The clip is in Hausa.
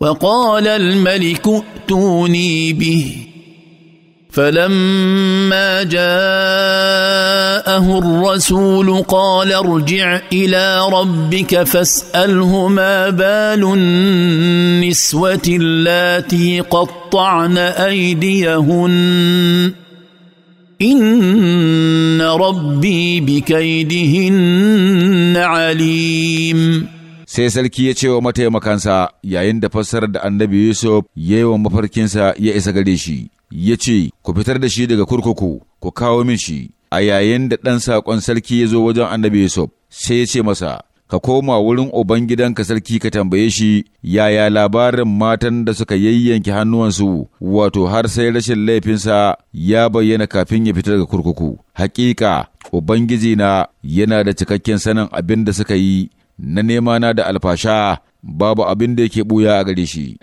وقال الملك ائتوني به فلما جاءه الرسول قال ارجع الى ربك فاساله ما بال النسوه اللاتي قطعن ايديهن ان ربي بكيدهن عليم sai sarki ya ce wa mataimakansa yayin da fassarar da annabi Yusuf ya yi wa mafarkinsa ya isa gare shi, ya ce, Ku fitar da shi daga kurkuku, ku kawo min shi, a yayin da ɗan saƙon sarki ya zo wajen annabi Yusuf, sai ya ce masa, Ka koma wurin Ubangidanka sarki ka tambaye shi, yaya labarin matan da suka yayyanke hannuwansu, wato har sai rashin laifinsa ya bayyana kafin ya fitar daga kurkuku. Hakika, Ubangiji na yana da cikakken sanin abin da suka yi na nema na da alfasha babu abin da yake ɓuya a gare shi.